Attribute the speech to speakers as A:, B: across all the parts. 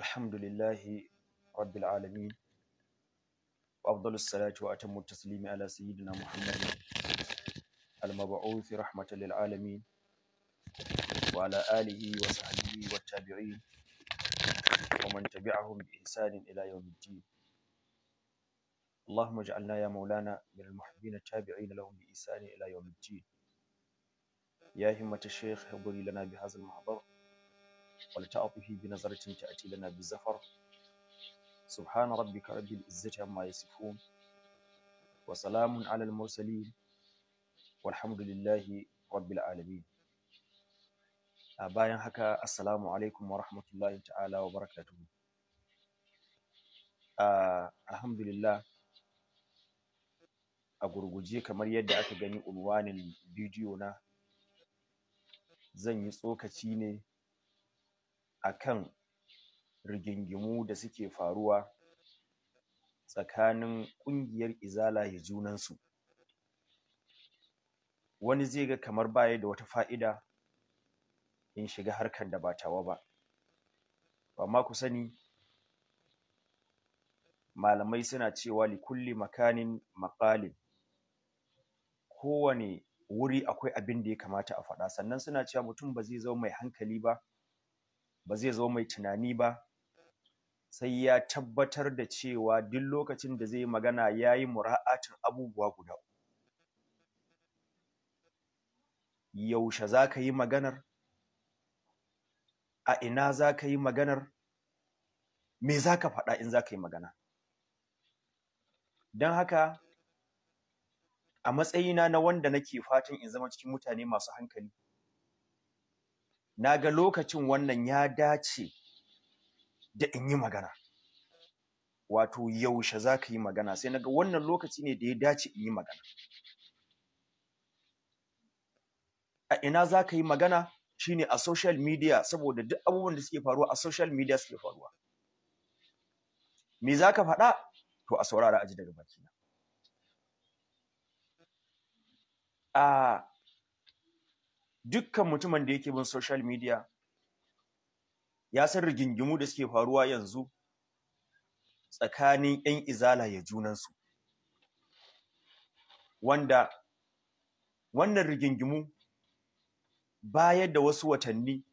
A: الحمد لله رب العالمين وأفضل الصلاة وأتم التسليم على سيدنا محمد المبعوث رحمة للعالمين وعلى آله وصحبه والتابعين ومن تبعهم بإحسان إلى يوم الدين اللهم اجعلنا يا مولانا من المحبين التابعين لهم بإحسان إلى يوم الدين يا همة الشيخ هبري لنا بهذا المحضر ولتعطفي بنظرة تأتي لنا بالزفر سبحان ربك رب العزة عما يصفون وسلام على المرسلين والحمد لله رب العالمين bayan haka assalamu alaikum wa rahmatullahi ta'ala wa barakatuhu alhamdulillah a gurguje kamar yadda aka gani unwanin bidiyo na zan yi tsokaci ne akan rigingimu da suke faruwa tsakanin ƙungiyar izala junan junansu wani zai ga kamar baya da wata fa'ida in shiga harkar da ba tawa ba amma ku sani malamai suna cewa likulli makanin maƙalin kowane wuri akwai abin da ya kamata a faɗa sannan suna cewa mutum ba zai zama mai hankali ba ba zai zo mai tunani ba sai ya tabbatar da cewa duk lokacin da zai magana ya yi mura'atin abubuwa guda yaushe za ka yi maganar a ina za ka yi maganar me za ka faɗa in za ka yi magana don haka a matsayina na wanda nake fatan in zama cikin mutane masu hankali na ga lokacin wannan ya dace da in yi magana wato yaushe za ka yi magana sai na ga wannan lokaci ne da ya dace in yi magana a ina za ka yi magana shine a social media saboda duk abubuwan da suke faruwa a social media suke faruwa me za ka faɗa to a saurara aji daga bakina a ah, dukkan mutumin da yake bin social media ya san rigingimu da suke faruwa yanzu tsakanin 'yan izala ya junansu wanda wannan rigingimu baya da wasu watanni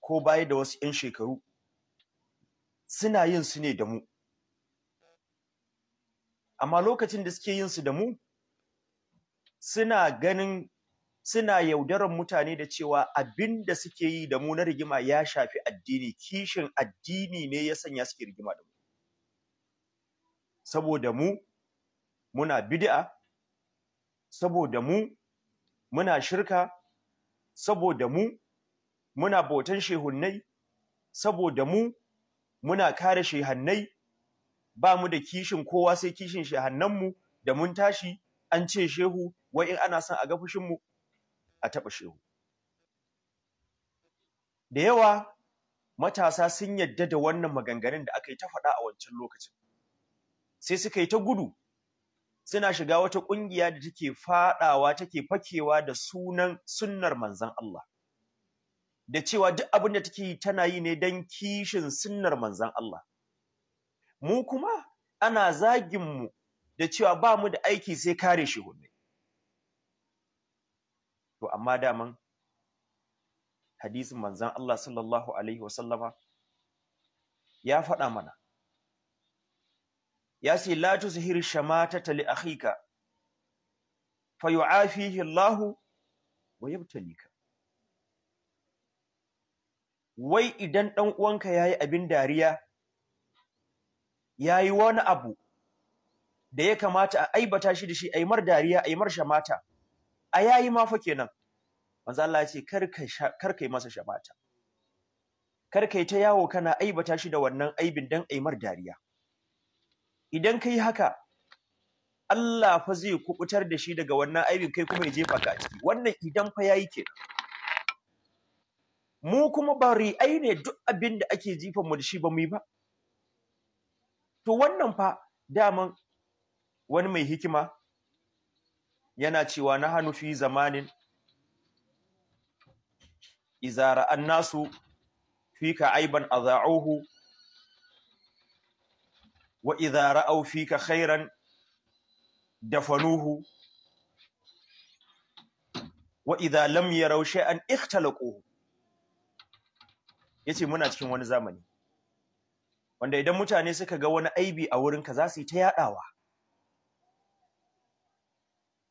A: ko baya da wasu 'yan shekaru suna yin su ne da mu amma lokacin da suke yin su da mu suna ganin suna yaudaran mutane da cewa abin da suke yi da mu na rigima ya shafi addini kishin addini ne ya sanya suke rigima da mu saboda mu muna bid'a saboda mu muna shirka saboda mu muna bautan shehunnai saboda mu muna kare shehannai ba mu da kishin kowa sai kishin shehannanmu da mun tashi an ce shehu wa in ana son a ga fushinmu a taɓa shehu da yawa matasa sun yadda da wannan maganganun da aka yi ta faɗa a wancan lokacin sai suka yi ta gudu suna shiga wata ƙungiya da take faɗawa take fakewa da sunan sunnar manzan Allah da cewa duk abin da take yi tana yi ne don kishin sunnar manzan Allah mu kuma ana zagin mu da cewa ba mu da aiki sai kare shi hunne to amma daman hadisin manzan Allah sallallahu alaihi wasallama ya faɗa mana ya ce la tuzhir shamatata li akhika fa yu'afihi Allah wa yabtalika wai idan ɗan uwanka yayi abin dariya yayi wani abu da ya kamata a aibata shi da shi aimar dariya aimar shamata a yayi ma fa kenan manzo Allah ya ce kar ka kai masa shabata kar kai ta yawo kana aibata shi da wannan aibin dan aimar dariya idan kai haka Allah fa zai kubutar da shi daga wannan aibin kai kuma ya jefa ka ciki wannan idan fa yayi kenan mu kuma ai ne duk abin da ake jifan mu da shi ba mu yi ba to wannan fa daman wani mai hikima yana cewa na hannu fi zamanin izara an nasu fika aiban a aza'uhu wa izara au ka khairan dafanuhu wa raushe an yaraw shay'an Ya ce muna cikin wani zamani wanda idan mutane suka ga wani aibi a wurinka za su yi ta yadawa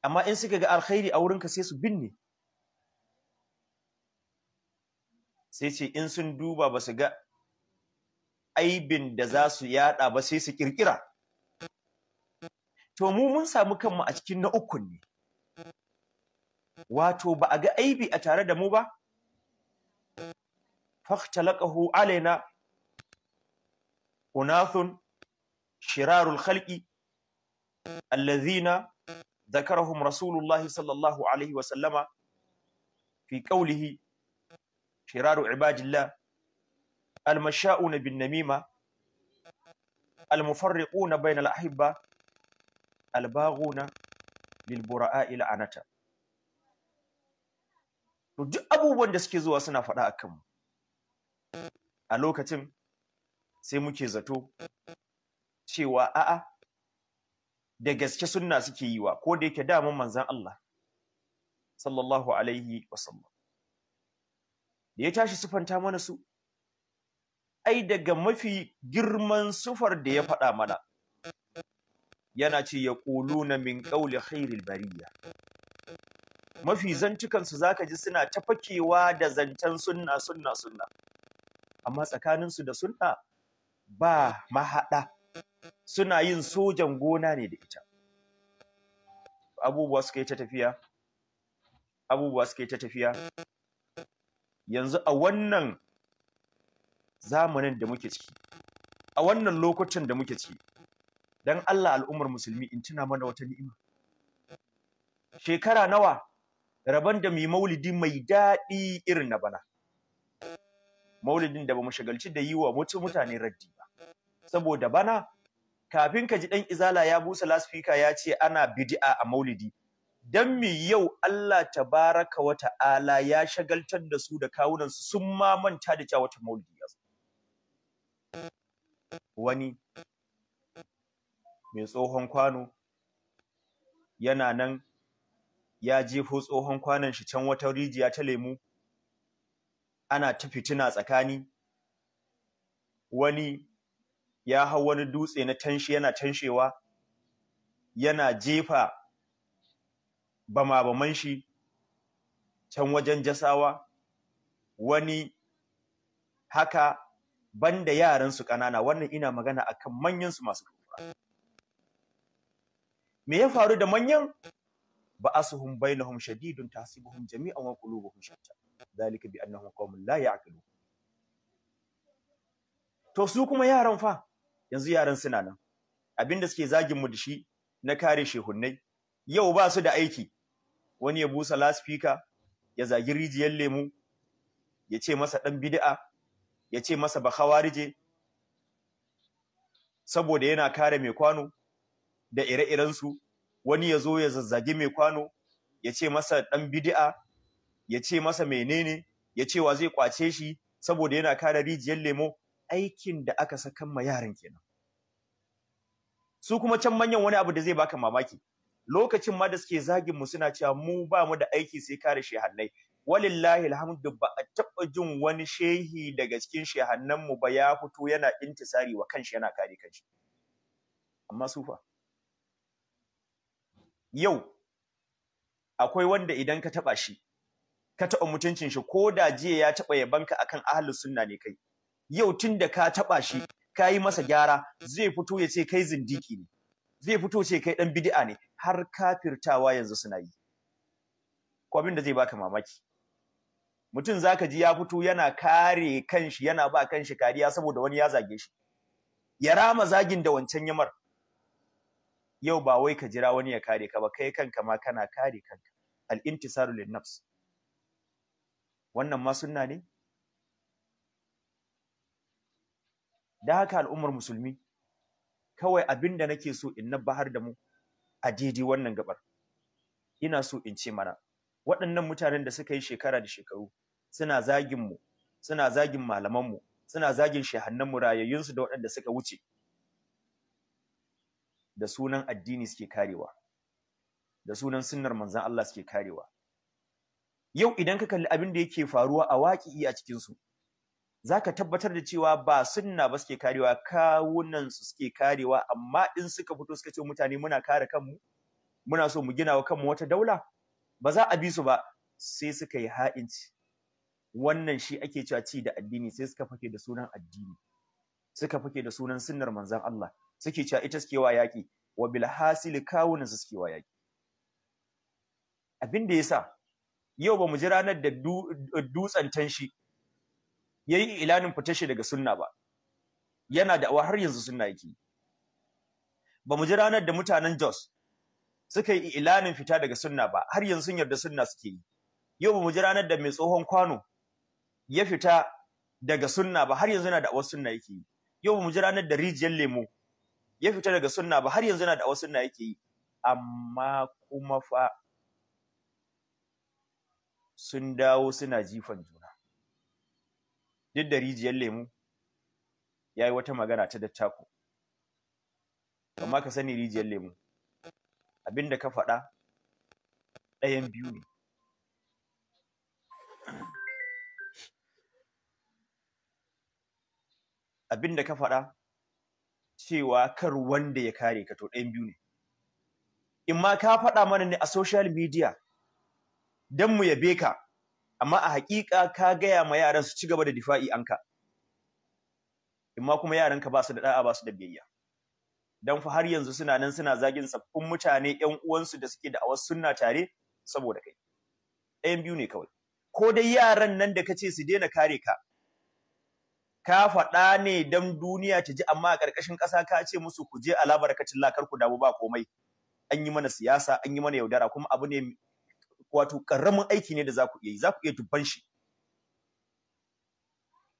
A: amma in suka ga alkhairi a wurinka sai su binne sai ce in sun duba ba su ga aibin da za su yada ba sai su kirkira to mu mun samu kanmu a cikin na ukun ne wato ba a ga aibi a tare da mu ba fahtalaqahu alaina unathun shirarul khalqi allazina ذكرهم رسول الله صلى الله عليه وسلم في قوله شرار عباد الله المشاؤون بالنميمة المفرقون بين الأحبة الباغون للبراء إلى to duk abubuwan da suke zuwa suna faɗa a kanmu a lokacin sai muke zato cewa a'a da gaske sunna suke yi wa ko da yake daman manzan Allah sallallahu alaihi wasallam da ya tashi sufanta mana su ai daga mafi girman sufar da ya faɗa mana yana ce ya na min ƙauli khairil bariya mafi zantukansu ka ji suna ta fakewa da zancen sunna sunna sunna amma tsakaninsu da sunna ba mahaɗa suna yin sojan gona ne da ita abubuwa suka yi ta tafiya abubuwa suka yi ta tafiya yanzu a wannan zamanin da muke ciki a wannan lokacin da muke ciki dan Allah al'ummar musulmi in tuna mana wata ni'ima shekara nawa rabon da mai maulidi mai daɗi irin na bana maulidin da ba mu shagalci da yi wa mutane raddi ba saboda bana kafin ka ji dan izala ya busa lasfika ya ce ana bidi'a a maulidi dan mi yau Allah Ta baraka wata Ala ya shagaltar da su da kawunan su sun ma manta da cewa wata maulidi ya wani mai tsohon kwano yana nan ya jefo tsohon kwanon shi can wata rijiya ta lemu ana ta fitina tsakani wani ya hau wani dutse na tanshi yana tanshewa yana jefa bama-baman shi can wajen jasawa wani haka banda yaransu ƙanana wannan ina magana akan manyansu masu kufa me ya faru da manyan don bainahum shadidun tahsibuhum jami'an wa qulubuhum shatta zalika bi annahum qaumun la ya'qilun to su kuma yaran fa yanzu yaran suna nan abin da suke zagin mu da shi na kare shehunnai yau ba su da aiki wani ya busa laspika ya zagi rijiyar lemu ya ce masa Dan bid'a ya ce masa bakhawarije saboda yana kare mai kwano da ire iren su wani ya zo ya zazzagi mai kwano ya ce masa Dan bid'a ya ce masa menene ya ce wa zai kwace shi saboda yana kare rijiyar lemo aikin da aka saka ma yaran kenan su kuma can manyan wani abu da zai baka mamaki lokacin ma da suke zagin mu suna cewa mu ba mu da aiki sai kare shehannai walillahi alhamdu ba a taɓa jin wani shehi daga cikin shehannan mu ba ya fito yana intisari wa kanshi yana kare kanshi amma sufa yau akwai wanda idan ka taɓa shi ka taɓa mutuncin shi ko da jiya ya taɓa yabanka akan ahlus sunna ne kai yau tun da ka taɓa shi ka yi masa gyara zai fito ya ce kai zindiki ne zai fito ce kai ɗan bidi'a ne har kafirtawa yanzu suna yi ko da zai baka mamaki mutum zaka ji ya fito yana kare kanshi yana ba kanshi kariya saboda wani ya zage shi ya rama zagin da wancan yamar yau ba wai ka jira wani ya kare ka ba kai kanka ma kana kare kanka al-intisaru lin-nafs wannan ma sunna ne da haka al'ummar musulmi kawai abin da nake so in nabbahar da mu a daidai wannan gabar ina so in ce mana waɗannan mutanen da suka yi shekara da shekaru suna zagin mu suna zagin malaman mu suna zagin shahannan mu rayayyun su da waɗanda suka wuce da sunan addini suke karewa da sunan sunnar manzon Allah suke karewa yau idan ka kalli abin da yake faruwa a waƙi a cikin su zaka tabbatar da cewa ba sunna ba suke karewa kawunan su suke karewa amma in suka fito suka ce mutane muna kare kanmu muna so mu gina wa kanmu wata daula ba za a bi su ba sai suka yi ha'inci wannan shi ake cewa ci da addini sai suka fake da sunan addini suka fake da sunan sunnar manzon Allah suke cewa ita suke wa yaƙi wa bil hasil kawunan su suke wa yaƙi abin da yasa yau ba mu ji ranar da dutsen tanshi yayi ilanin fita shi daga sunna ba yana da har yanzu sunna yake ba mu ji ranar da mutanen Jos suka yi ilanin fita daga sunna ba har yanzu sun yarda sunna suke yi yau ba mu ji ranar da mai tsohon kwano ya fita daga sunna ba har yanzu yana da awa sunna yake yi yau ba mu ji ranar da rijiyar lemo ya fita daga sunna ba har yanzu yana da awa sunna yake yi amma kuma fa sun dawo suna jifan juna duk da rijiyar lemu ya yi wata magana ta dattako amma ka sani rijiyar lemu abinda ka faɗa ɗayan biyu ne abinda ka faɗa cewa kar wanda ya kare ka to ɗayan biyu ne in ma ka faɗa mana ne a social media don mu yabe ka amma a haƙiƙa ka gaya ma yaran su ci gaba da difa'i anka amma kuma yaranka ba su da da'a ba su da biyayya dan fa har yanzu suna nan suna zagin tsaffin mutane ƴan uwansu da suke da awar sunna tare saboda kai ɗayan biyu ne kawai ko dai yaran nan da kace su daina kare ka ka faɗa ne dan duniya ta ji amma a ƙarƙashin ƙasa ka ce musu ku je alabarkacin lakar ku damu ba komai an yi mana siyasa an yi mana yaudara kuma abu ne wato ƙaramin aiki ne da za ku iya yi za ku iya dubban shi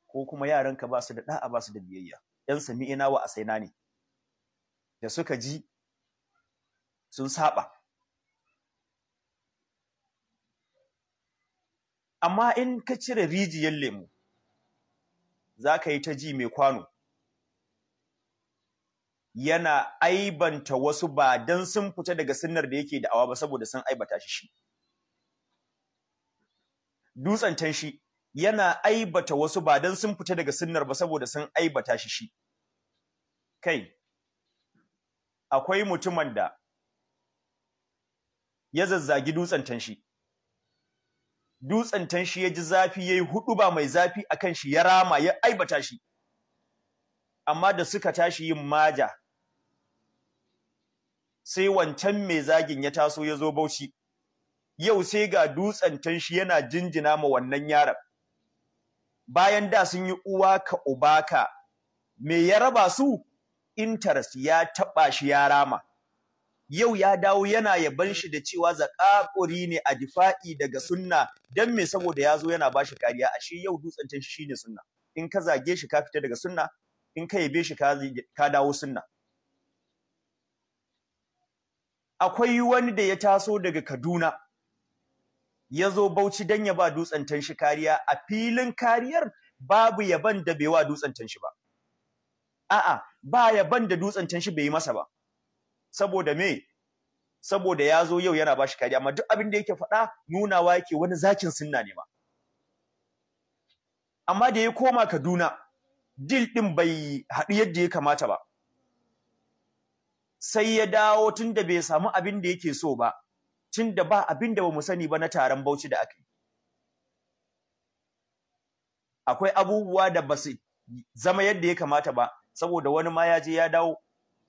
A: ko kuma yaranka ba su da da'a ba su da biyayya ‘yan ina wa asaina ne da suka ji sun saba amma in ka cire rijiyar lemu za ka yi ta ji mai kwano yana aibanta wasu ba don sun fita daga sunnar da yake da awa ba saboda sun aibata shi shi dutsen can shi yana aibata wasu ba dan sun fita daga sunnar ba saboda sun aibata shi shi kai akwai mutumin da ya zazzagi dutsen can shi dutsen can shi ya ji zafi yayi hudu ba mai zafi akan shi ya rama ya aibata shi amma da suka tashi yin maja sai wancan mai zagin ya taso ya zo bauchi yau sai ga dutsen can shi yana jinjina ma wannan yaron bayan da sun yi uwa ka ubaka me ya raba su interest ya taɓa shi ya rama yau ya dawo yana yaban shi da cewa zakakuri ne a difa'i daga sunna dan me saboda ya zo yana bashi kariya ashe yau dutsen can shi ne sunna in ka zage shi ka fita daga sunna in ka yabe shi ka dawo sunna akwai wani da ya taso daga Kaduna ya zo Bauchi don ya ba dutsen tanshi kariya a filin kariyar babu yaban da bai wa dutsen tanshi ba a'a ba yaban da dutsen tanshi bai yi masa ba saboda me saboda ya zo yau yana ba shi kariya amma duk abin da yake faɗa nunawa yake wani zakin sunna ne ma amma da ya koma Kaduna dil din bai haɗu yadda ya kamata ba sai ya dawo tun da bai samu abin da yake so ba tun da ba abin da ba mu sani ba na taron bauchi da aka yi. Akwai abubuwa da ba su zama yadda ya kamata ba, saboda wani ma ya je ya dawo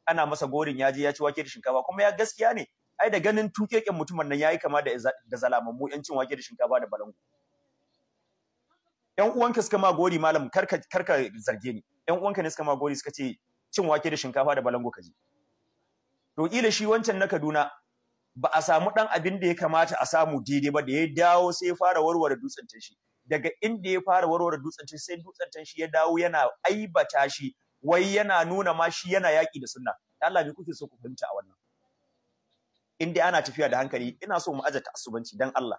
A: ana masa gorin ya je ya ci wake da shinkafa kuma ya gaskiya ne ai da ganin tuƙeƙen mutumin nan yayi kama da da zalamammu yan cin wake da shinkafa da balangu yan uwanka suka ma gori malam karka karka zarge ni yan uwanka ne suka ma gori suka ce cin wake da shinkafa da balangu kaji to kila shi wancan na Kaduna ba a samu ɗan abin da ya kamata a samu daidai ba da ya dawo sai ya fara warware dutsen tashi daga inda ya fara warware dutsen tashi sai dutsen tashi ya dawo yana aibata shi wai yana nuna ma shi yana yaki da sunna Allah me kuke so ku fahimta a wannan in dai ana tafiya da hankali ina so mu ajata asubanci dan Allah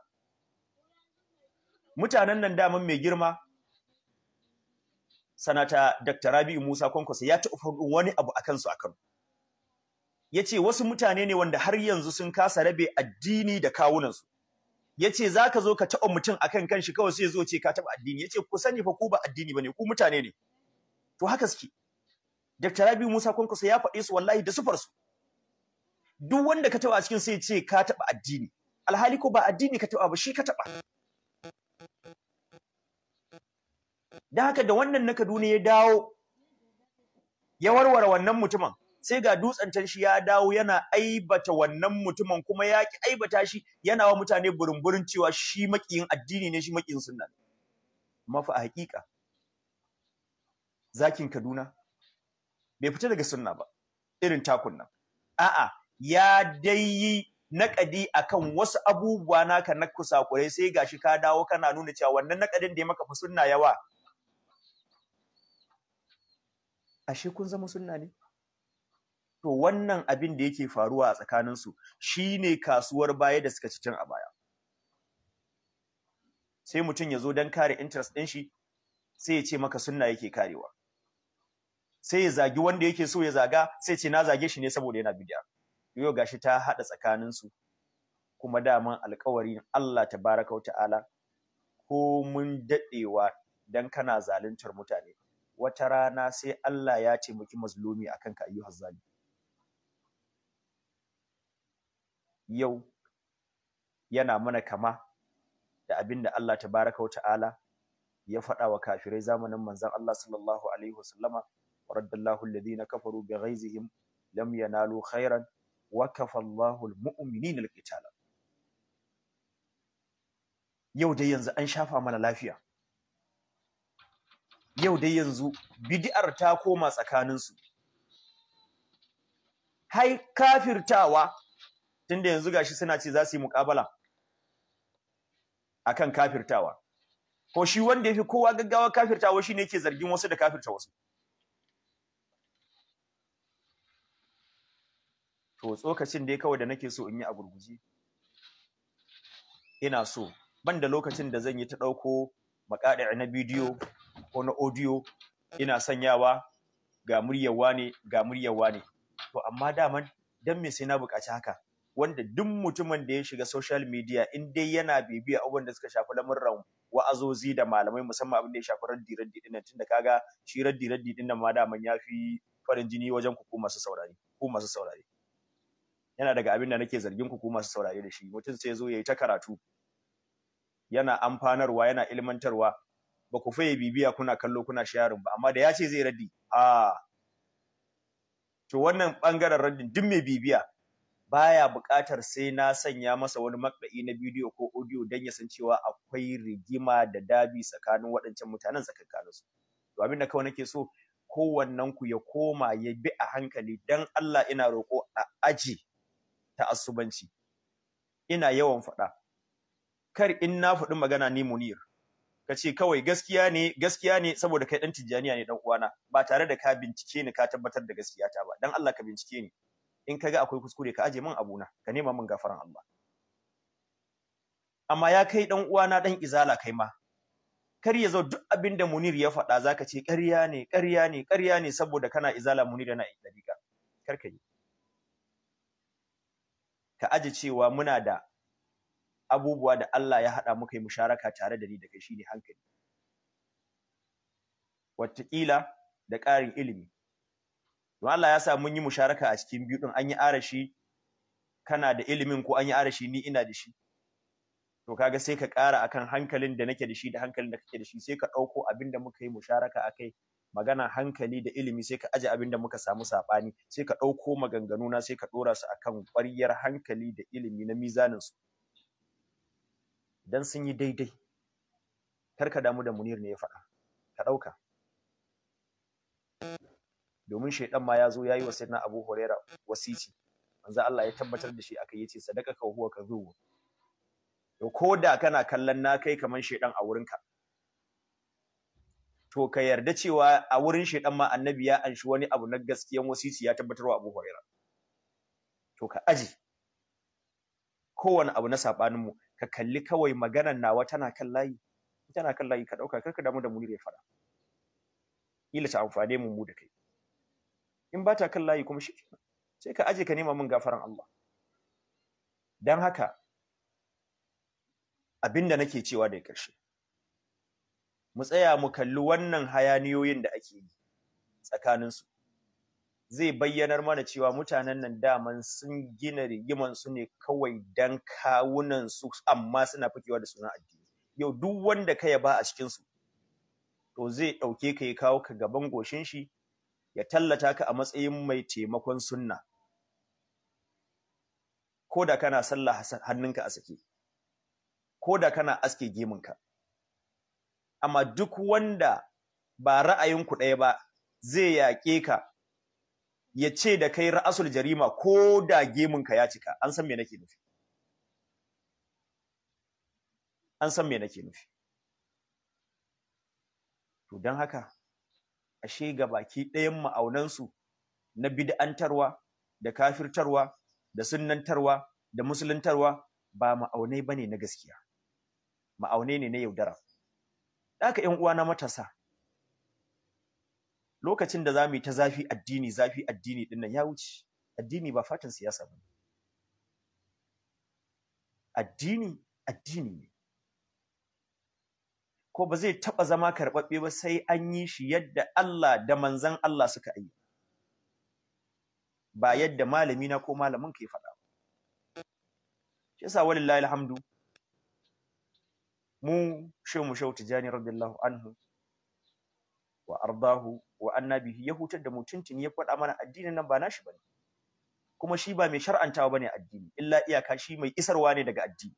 A: mutanen nan daman mai girma sanata Dr. Rabi'u Musa Kwankwaso ya taɓa wani abu a kansu a Kano yace wasu mutane ne wanda har yanzu sun kasa rabe addini da kawunansu yace zaka zo ka taɓa mutum akan kanshi kawai sai zo ce ka taɓa addini yace ku sani fa ku ba addini bane ku mutane ne to haka suke Dr. Rabi Musa Kwankwaso ya faɗe su wallahi da sufar duk wanda ka taɓa a cikin sai ce ka taɓa addini alhali ko ba addini ka taɓa ba shi ka taɓa dan haka da wannan na Kaduna ya dawo ya warware wannan mutumin sai ga dutsen can shi ya dawo yana aibata wannan mutumin kuma ya ki aibata shi yana wa mutane burin cewa shi makiyin addini ne shi makiyin sunna mafi a hakika zakin Kaduna bai fita daga sunna ba irin takun a'a ya dai yi naƙadi akan wasu abubuwa naka na kusa kurai sai gashi ka dawo kana nuna cewa wannan naƙadin da ya maka fa sunna yawa ashe kun zama sunna ne to wannan abin da yake faruwa a tsakaninsu shine kasuwar baya da suka ci tun a baya sai mutum ya zo don kare interest ɗin shi sai ya ce maka sunna yake karewa sai ya zagi wanda yake so ya zaga sai ce na zage shi ne saboda yana bid'a yau gashi ta haɗa tsakaninsu kuma daman alkawarin Allah ta baraka ta'ala ko mun daɗewa don kana zaluntar mutane wata rana sai Allah ya taimaki mazlumi akan ka ayyuhar zalimi. yau yana mana kama da abin da Allah tabaraka wa ta'ala ya faɗa wa kafirai zamanin manzon Allah sallallahu alaihi wasallama raddallahu alladhina kafaru bighaizihim lam yanalu khairan wa kafallahu almu'minina alqitala yau dai yanzu an shafa mana lafiya yau dai yanzu bid'ar ta koma tsakaninsu hai kafirtawa tunda yanzu gashi suna ce za su yi muƙabala akan kafirtawa ko shi wanda yafi kowa gaggawa kafirtawa shine yake zargin wasu da kafirta wasu to tsokacin dai kawai da nake so in yi a ina so ban da lokacin da zan yi ta ɗauko makaɗa na bidiyo ko na audio ina sanyawa ga muryar wane ga muryar wane to amma daman dan me sai na buƙaci haka wanda duk mutumin da ya shiga social media in dai yana bibiya abubuwan da suka shafi lamurran wa'azozi da malamai musamman abin da ya shafi raddi raddi din nan tunda kaga shi raddi raddi din nan ma daman ya fi farin jini wajen ku masu saurari ku masu saurari yana daga abin da nake zargin ku masu saurari da shi mutum sai zo yayi ta karatu yana amfanarwa yana ilmantarwa ba ku faye bibiya kuna kallo kuna sharing ba amma da ya ce zai raddi a to wannan bangaren raddin duk mai bibiya baya buƙatar sai na sanya masa wani makɗa'i na bidiyo ko audio don ya san cewa akwai rigima da dabi tsakanin waɗancan mutanen tsakankanin su to abin da kawai nake so kowannen ku ya koma ya bi a hankali don Allah ina roƙo a aji ta asubanci ina yawan faɗa kar in na faɗi magana ni munir ka ce kawai gaskiya ne gaskiya ne saboda kai ɗan tijjaniya ne ɗan uwana ba tare da ka bincike ni ka tabbatar da gaskiya ta ba don Allah ka bincike ni in ka ga akwai kuskure ka aje min abuna ka nema min gafaran Allah amma ya kai dan uwa na, dan izala kai ma kar ya zo duk abin da Munir ya faɗa zaka ce ƙarya ne ƙarya ne ƙarya ne saboda kana izala Munir yana dariƙa kar ka yi ka aje cewa muna da abubuwa da Allah ya haɗa muka yi musharaka tare da ni daga shi ne hankali wataƙila da ƙarin ilimi to Allah ya sa mun yi musharaka a cikin biyu din an yi arashi kana da ilimin ko an yi arashi ni ina da shi to kaga sai ka ƙara akan hankalin da nake da shi da hankalin da kake da shi sai ka ɗauko abin da muka yi musharaka akai magana hankali da ilimi sai ka aje abin da muka samu saɓani sai ka ɗauko maganganu na sai ka ɗora su akan ƙwaryar hankali da ilimi na mizanin su dan sun yi daidai kar ka damu da munir ne ya faɗa ka ɗauka domin shaidan ma ya zo ya yi wa sayyidina Abu Huraira wasici manzo Allah ya tabbatar da shi aka yace sadaka ka huwa zo to ko da kana kallon na kai kaman shaidan a ka. to ka yarda cewa a wurin shaidan ma annabi ya anshi wani abu na gaskiyan wasici ya tabbatarwa Abu Huraira to ka aji kowane abu na sabanin mu ka kalli kawai maganar nawa tana kan layi tana kan layi ka dauka kar ka damu da munir ya fara ila ta amfane mu mu da kai in ba ta kan layi kuma shi sai ka aje ka nema min gafaran Allah dan haka abinda nake cewa da ƙarshe mu tsaya mu kalli wannan hayaniyoyin da ake yi tsakaninsu zai bayyanar mana cewa mutanen nan daman sun gina rigiman su ne kawai dan kawunan su amma suna fakewa da sunan addini yau duk wanda ka yaba a cikin su to zai dauke ka ya kawo ka gaban goshin shi ya tallata ka a matsayin mai taimakon sunna ko da kana sallah hannunka a sake ko da kana aske geminka amma duk wanda ba ra'ayin ku ɗaya ba zai yaƙe ka ya ce da kai ra'asul jarima ko da geminka ya cika an san me nake nufi an san me nake nufi to don haka ashe ga baki ɗayan ma'aunansu na bid'antarwa da kafirtarwa da sunnantarwa da musuluntarwa ba ma'aunai ba ne na gaskiya ma'aunai ne na yaudara ɗaka ‘yan na matasa lokacin da za mu yi ta zafi addini zafi addini ɗin ya wuce addini ba fatan siyasa ba addini addini ne ko ba zai taɓa zama karɓaɓɓe ba sai an yi shi yadda Allah da manzan Allah suka yi ba yadda malami na ko malamin ke faɗa ba shi yasa walillahi alhamdu mu shehu mu shehu tijani radiyallahu anhu wa ardahu wa annabihi ya hutar da mu ya faɗa mana addinin nan ba nashi bane kuma shi ba mai shar'antawa bane addini illa iyaka shi mai isarwa ne daga addini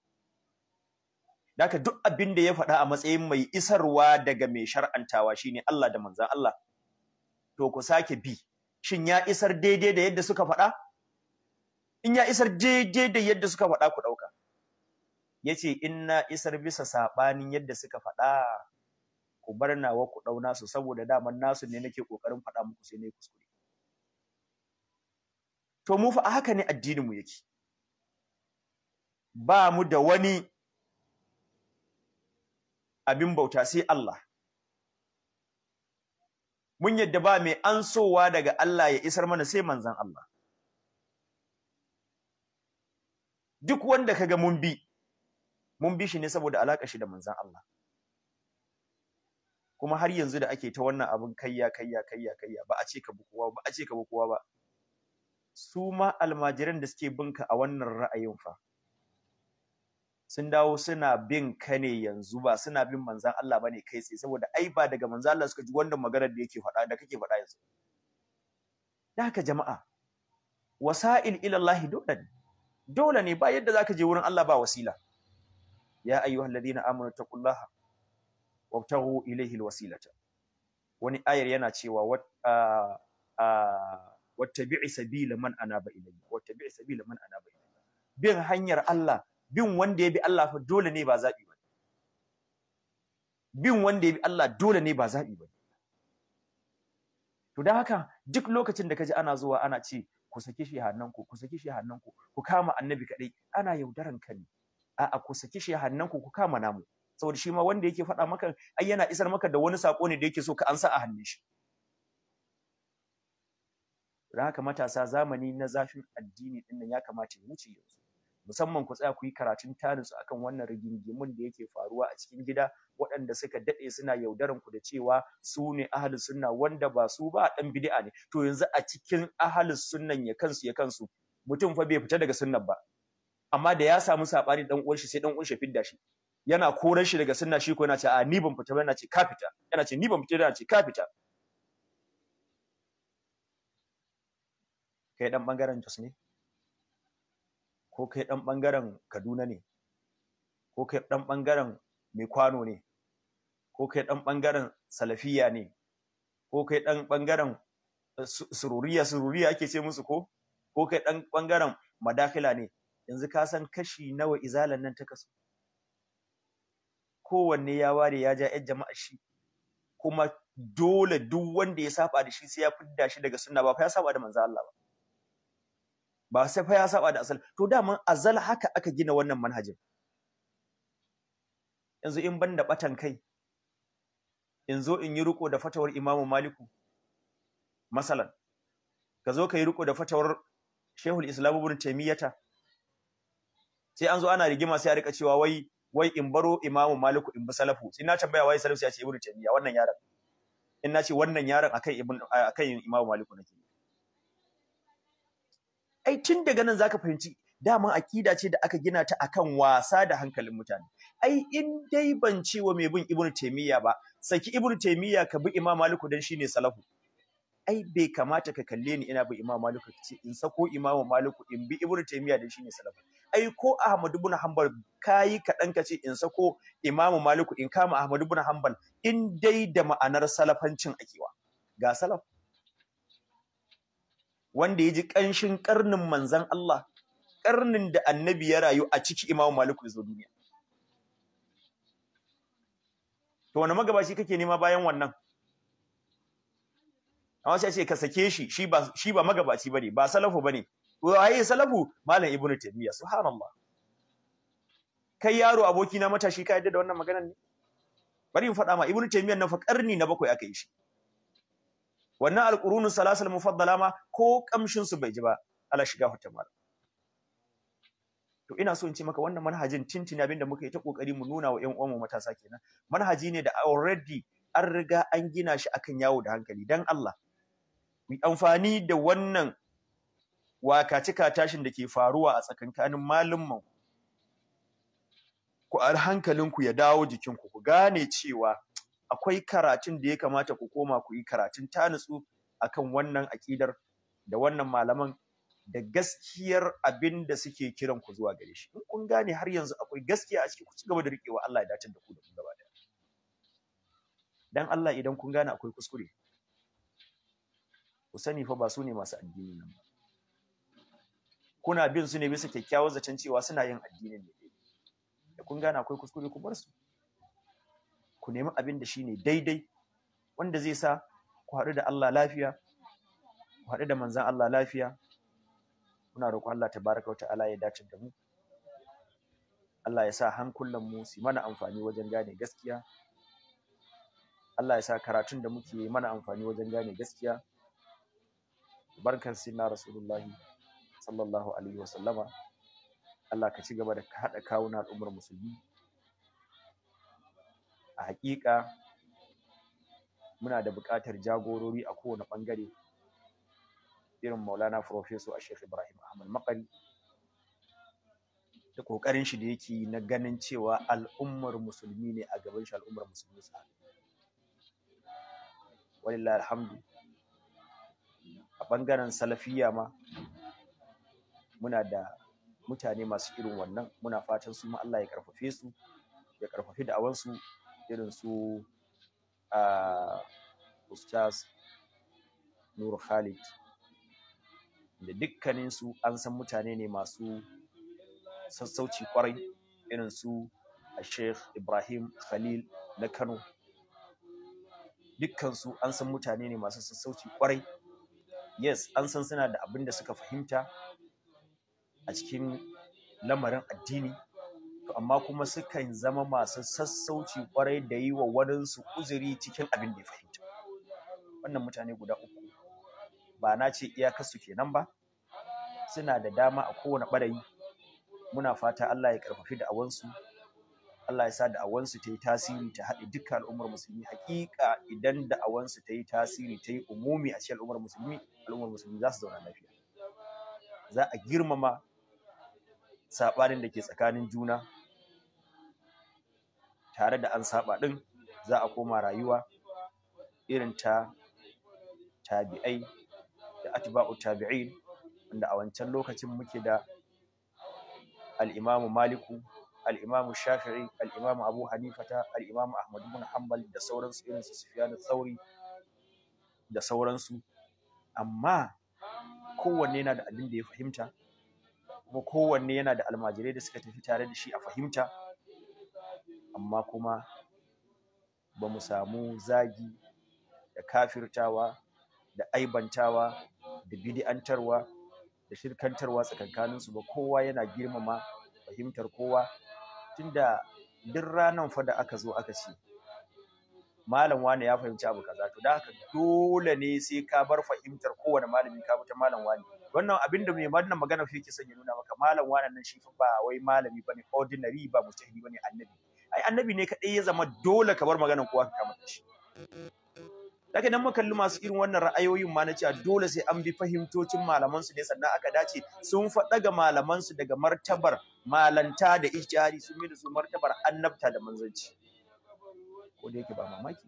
A: Daka duk abin da ya faɗa a matsayin mai isarwa daga mai shar'antawa shine Allah da manzan Allah. To ku sake bi. Shin ya isar daidai da yadda suka faɗa? In ya isar daidai da yadda suka faɗa ku ɗauka. Ya ce in na isar bisa saɓanin yadda suka faɗa ku bar nawa ku ɗau nasu saboda daman nasu ne nake ƙoƙarin faɗa muku sai na kuskure. To mu fa haka ne addinin mu yake. Ba mu da wani abin bauta sai Allah mun yadda ba mai ansowa daga Allah ya isar mana sai manzan Allah duk wanda kaga mun bi mun bi shi ne saboda alaka shi da manzan Allah kuma har yanzu da ake ta wannan abin kayya kayya kayya kayya ba a ce ka kowa ba a ce ka ba su ma almajiran da suke binka a wannan ra'ayin fa sun dawo suna bin ka ne yanzu ba suna bin manzan Allah ba ne kai tsaye saboda ai ba daga manzan Allah suka ji wannan maganar da yake faɗa da kake faɗa yanzu da haka jama'a wasa'il ila Allah dole ne dole ne ba yadda zaka je wurin Allah ba wasila ya ayyuhal ladina amanu taqullaha wabtaghu ilayhi alwasilata wani ayar yana cewa wattabi'i sabila man anaba ilayhi wattabi'i sabila man anaba ilayhi bin hanyar Allah bin wanda ya bi Allah fa dole ne ba zaɓi ba bin wanda ya bi Allah dole ne ba zaɓi ba to dan haka duk lokacin da kaji ana zuwa ana ce ku saki shehannanku ku saki shehannanku ku kama annabi kaɗai ana yaudaran ka ne a'a ku saki shehannanku ku kama namu saboda shi ma wanda yake faɗa maka ai yana isar maka da wani sako ne da yake so ka ansa a hannun shi don haka matasa zamani na zafin addini ɗin nan ya kamata ya wuce yanzu musamman ku tsaya ku yi karatun tanisu akan wannan rigingimun da yake faruwa a cikin gida waɗanda suka daɗe suna yaudaran ku da cewa su ne ahalin sunna wanda ba su ba ɗan bid'a ne to yanzu a cikin ahalin sunnan ya kansu ya kansu mutum fa bai fita daga sunnan ba amma da ya samu sabani dan uwan shi sai dan uwan shi fidda shi yana koran shi daga sunna shi ko yana ce a ni ban fita ba yana ce ka fita yana ce ni ban fita yana ce ka fita kai dan bangaren Jos ne ko kai ɗan ɓangaren Kaduna ne ko kai ɗan ɓangaren mai kwano ne ko kai ɗan ɓangaren salafiya ne ko kai ɗan ɓangaren eh, sururiya sururiya ake ce musu ko ko kai ɗan ɓangaren madakila ne yanzu ka san kashi nawa izalan nan ta kasu kowanne ya ware ya ja 'yan jama'a shi kuma dole duk wanda ya saba da shi sai ya fidda shi daga sunna ba fa ya saba da manzo Allah ba ba sai fa ya saba da asali. to daman azal haka aka gina wannan manhajin yanzu in banda batan kai in zo in yi riko da fatawar imamu Maliku masalan ka zo ka yi riko da fatawar Shehul islamu Ibn taimiyata. sai an zo ana rigima sai a rika cewa wai wai in baro imamu Maliku in bi salafu sai na tambaya wai salafu sai a ce Ibn taimiyya wannan yaron in na ce wannan yaron akan ibn akan Imam Maliku nake ai tun daga nan zaka fahimci dama akida ce da aka gina ta akan wasa da hankalin mutane ai in dai ban ce wa mai bin ibnu taymiya ba saki ibnu taymiya ka bi imam maliku dan shine salafu ai bai kamata ka kalle ni ina bin imam maliku ce in sako imam maliku in bi ibnu taymiya dan shine salafu ai ko ahmad ibn hanbal kayi ka ka ce in sako imam maliku in kama ahmad ibn hanbal in dai da ma'anar salafancin akewa ga Salafu. wanda ya ji ƙanshin ƙarnin manzan Allah ƙarnin da annabi ya rayu a ciki imamu maliku ya zo duniya to wani magabaci kake nema bayan wannan A wasu ce ka sake shi shi ba magabaci ba ba salafu ba salafu bane waye salafu malam ibnu taymiya subhanallah kai yaro aboki na matashi ka yadda da wannan maganar ne bari in faɗa ma ibnu taymiyyah na fa ƙarni na bakwai aka yi shi wannan alƙurunin salasal mufaddala ma ko kamshin su bai ji ba Allah shiga hutan mara to ina so in ce maka wannan manhajin tintin abinda muka yi ta kokari mu nuna wa ƴan mu matasa kenan manhaji ne da already an riga an gina shi akan yawo da hankali dan Allah mu amfani da wannan wakacika tashin da ke faruwa a tsakankanin malumman ku a hankalinku ya dawo jikinku ku gane cewa akwai karatun da ya kamata ku koma ku yi karatun ta nutsu akan wannan aƙidar da wannan malaman da gaskiyar abin da suke kiran ku zuwa gare shi in kun gane har yanzu akwai gaskiya a ciki ku ci gaba da riƙewa Allah ya dace da ku da ku gaba daya dan Allah idan kun gane akwai kuskure ku sani fa ba su ne masu addini nan ba kuna bin su ne bisa kyakkyawar zaton cewa suna yin addinin ne da kun gane akwai kuskure ku bar su ku nemi abin da shine daidai wanda zai sa ku haɗu da Allah lafiya ku haɗu da manzan Allah lafiya muna roƙon Allah baraka wa ta'ala ya dace da mu Allah ya sa hankulan mu su mana amfani wajen gane gaskiya Allah ya sa karatun da muke mana amfani wajen gane gaskiya barkan sinna rasulullahi sallallahu alaihi wa sallama Allah ka ci gaba da haɗa kawuna al'ummar musulmi a haƙiƙa muna da buƙatar jagorori a kowane ɓangare irin maulana profeso a shekh ibrahim ahmad makari da ƙoƙarin shi da yake na ganin cewa al'ummar musulmi ne a gaban shi al'ummar musulmi sa walillah alhamdu a ɓangaren salafiya ma muna da mutane masu irin wannan muna fatan su ma Allah ya karfafe su ya karfafi da'awansu irin su a ustaz nur Khalid da dukkanin su an san mutane ne masu sassauci kwarai irin su a Sheikh Ibrahim Khalil na Kano dukkan su an san mutane ne masu sassauci kwarai yes an san suna da abin da suka fahimta a cikin lamarin addini amma kuma sukan zama masu sassauci kwarai da yi wa wadansu uzuri cikin abin da ya fahimta wannan mutane guda uku ba na ce iyakarsu kenan ba suna da dama a kowane ɓarayi muna fata Allah ya karfafi da awansu Allah ya sa da awansu ta yi tasiri ta haɗe dukkan al'ummar musulmi hakika idan da awansu ta yi tasiri ta yi umumi a cikin al'ummar musulmi al'ummar musulmi za su zauna lafiya za a girmama saɓanin da ke tsakanin juna tare da an saba din za a koma rayuwa irin ta tabi'ai da atba'u tabi'in wanda a wancan lokacin muke da al'imamu maliku al'imamu shafi'i al'imamu abu hanifata al'imamu ahmad ibn hanbal da sauransu irin su sufyan tsauri da sauransu amma kowanne yana da abin da ya fahimta kuma kowanne yana da almajirai da suka tafi tare da shi a fahimta amma kuma ba mu samu zagi da kafirtawa da aibantawa da bidi'antarwa da shirkantarwa tsakankaninsu ba kowa yana girmama fahimtar kowa tunda duk ranar fa aka zo aka ce malam wane ya fahimci abu kaza to da haka dole ne sai ka bar fahimtar kowane malami ka ta malam wane wannan abin da mai wannan magana fi yake son ya nuna maka malam wane nan shi fa ba wai malami bane ordinary ba mujtahidi bane annabi annabi ne kaɗai ya zama dole ka bar magana kowa ka kama shi Daga nan masu irin wannan ra'ayoyin ma na cewa dole sai an bi fahimtocin malamansu ne sannan aka dace sun faɗa ga malamansu daga martabar malanta da ijari, sun yi da su martabar annabta da manzanci. Ko da yake ba mamaki.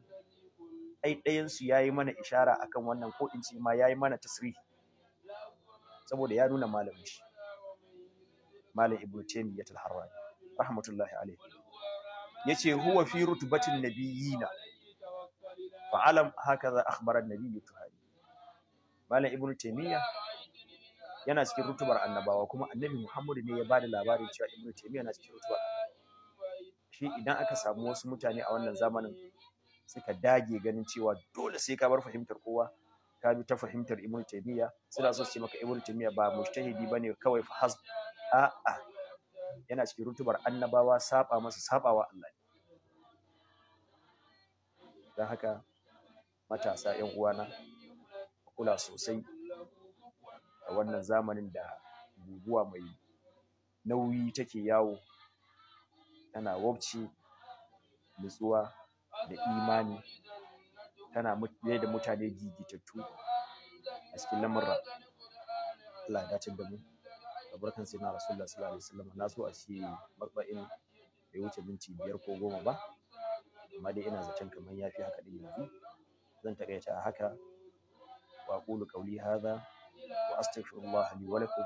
A: Ai ɗayansu ya yi mana ishara akan wannan ko in ce ma ya yi mana tasiri. Saboda ya nuna malamin shi. Malam Ibn Taymiyyah al-Harrani rahmatullahi alaihi. yace huwa fi rutbatin nabiyina fa alam hakaza akhbara an nabiy tuhari malam ibnu taymiya yana cikin rutubar annabawa kuma annabi muhammadu ne ya ba da labarin cewa ibnu taymiya na cikin rutubar shi idan aka samu wasu mutane a wannan zamanin suka dage ganin cewa dole sai ka bar fahimtar kowa ka bi ta fahimtar ibnu taymiya suna so su ce maka ibnu taymiya ba mujtahidi bane kawai fa hasb a'a yana cikin rutubar annabawa saba masa sabawa Allah don haka matasa yan uwana kula sosai a wannan zamanin da guguwa mai nauyi take yawo tana wabce nutsuwa da imani tana da mutane gigitattu a cikin lamurra Allah ya dace da mu albarkan sai na rasulullah sallallahu alaihi wasallam na so a ce marba'in bai wuce minti biyar ko goma ba amma dai ina zaton kamar ya fi haka din yanzu zan taƙaita a haka wa aqulu qawli hadha wa astaghfirullah li wa lakum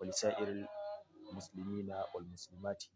A: wa lisa'iril muslimina wal muslimati